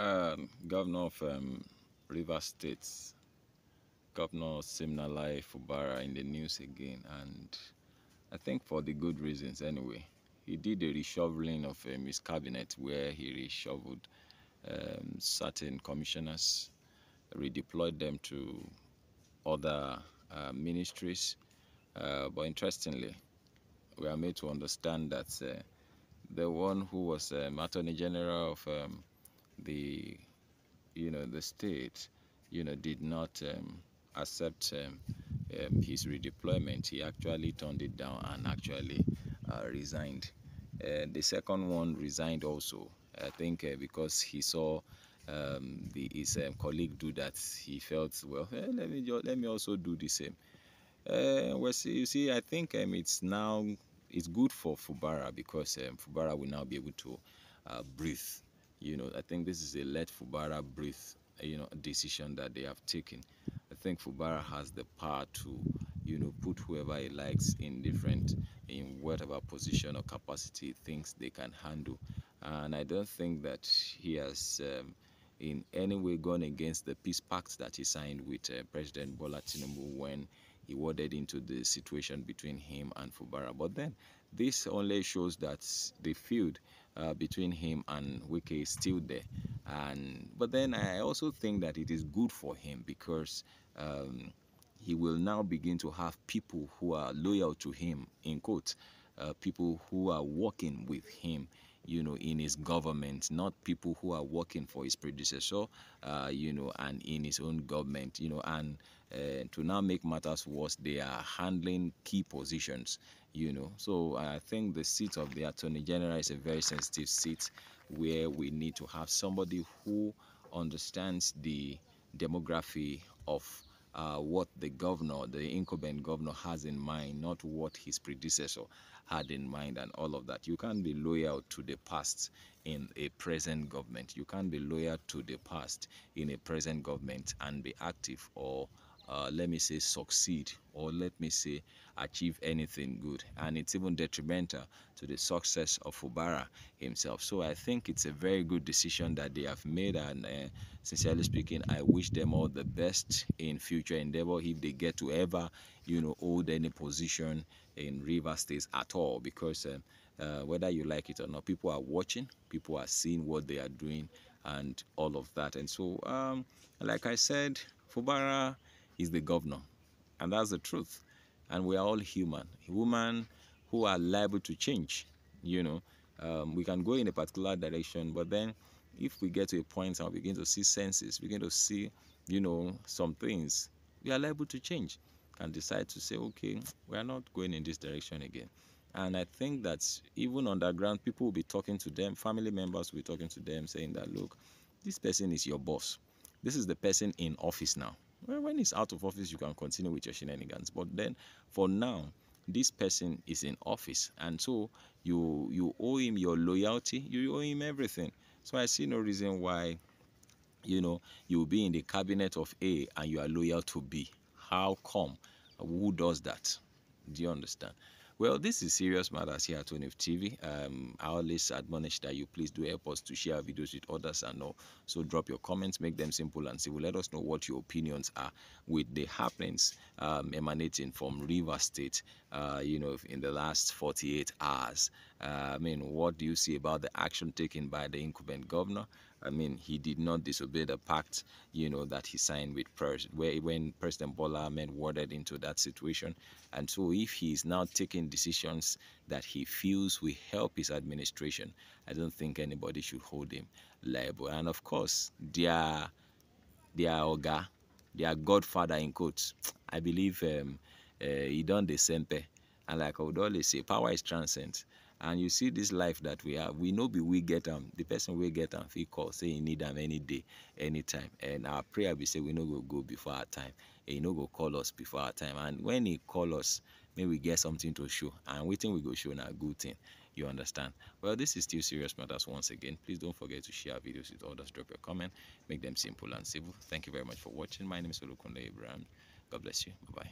Um, governor of um, River State, Governor Simnalai Fubara in the news again, and I think for the good reasons anyway. He did a reshuffling of um, his cabinet where he reshuffled um, certain commissioners, redeployed them to other uh, ministries. Uh, but interestingly, we are made to understand that uh, the one who was um, Attorney General of um, the you know the state you know did not um, accept um, um, his redeployment he actually turned it down and actually uh, resigned uh, the second one resigned also i think uh, because he saw um, the, his um, colleague do that he felt well hey, eh, let me let me also do the same uh, well see, you see i think um, it's now it's good for fubara because fubara will now be able to uh, breathe you know, I think this is a let Fubara breathe, you know, decision that they have taken. I think Fubara has the power to, you know, put whoever he likes in different, in whatever position or capacity he thinks they can handle. And I don't think that he has. Um, in any way gone against the peace pact that he signed with uh, President Bola Tinubu when he waded into the situation between him and Fubara. But then this only shows that the field uh, between him and Wike is still there. And but then I also think that it is good for him because um, he will now begin to have people who are loyal to him in quotes, uh, people who are working with him you know, in his government, not people who are working for his predecessor, uh, you know, and in his own government, you know, and uh, to now make matters worse, they are handling key positions, you know. So I think the seat of the Attorney General is a very sensitive seat where we need to have somebody who understands the demography of uh, what the governor, the incumbent governor, has in mind, not what his predecessor had in mind, and all of that. You can't be loyal to the past in a present government. You can't be loyal to the past in a present government and be active or uh, let me say succeed or let me say achieve anything good and it's even detrimental to the success of Fubara himself so I think it's a very good decision that they have made and uh, sincerely speaking I wish them all the best in future endeavor if they get to ever you know hold any position in River State at all because uh, uh, whether you like it or not people are watching people are seeing what they are doing and all of that and so um, like I said Fubara is the governor. And that's the truth. And we are all human. Women who are liable to change, you know. Um, we can go in a particular direction, but then if we get to a point and we begin to see senses, begin to see, you know, some things, we are liable to change and decide to say, okay, we are not going in this direction again. And I think that even underground, people will be talking to them, family members will be talking to them, saying that, look, this person is your boss. This is the person in office now. Well, when he's out of office, you can continue with your shenanigans. But then, for now, this person is in office, and so you you owe him your loyalty. You owe him everything. So I see no reason why, you know, you'll be in the cabinet of A and you are loyal to B. How come? Who does that? Do you understand? Well, this is Serious Matters here at ONF TV. Um, I always admonish that you please do help us to share videos with others and all. So drop your comments, make them simple and civil. Let us know what your opinions are with the happenings um, emanating from River State uh, you know, in the last 48 hours. Uh, I mean, what do you see about the action taken by the incumbent governor? I mean, he did not disobey the pact, you know, that he signed with President. when President Bola Ahmed warded into that situation. And so, if he is now taking decisions that he feels will help his administration, I don't think anybody should hold him liable. And of course, their their oga, their godfather in quotes, I believe. Um, Eh, he done the center. And like I would always say, power is transcends. And you see this life that we have, we know we get them. The person we get them, he call, say he need them any day, anytime. And our prayer we say we know go go before our time. He no go call us before our time. And when he call us, may we get something to show. And we think we go show now good thing. You understand? Well, this is still serious matters once again. Please don't forget to share videos with others. Drop your comment. Make them simple and civil. Thank you very much for watching. My name is Olukunde Abraham. God bless you. Bye bye.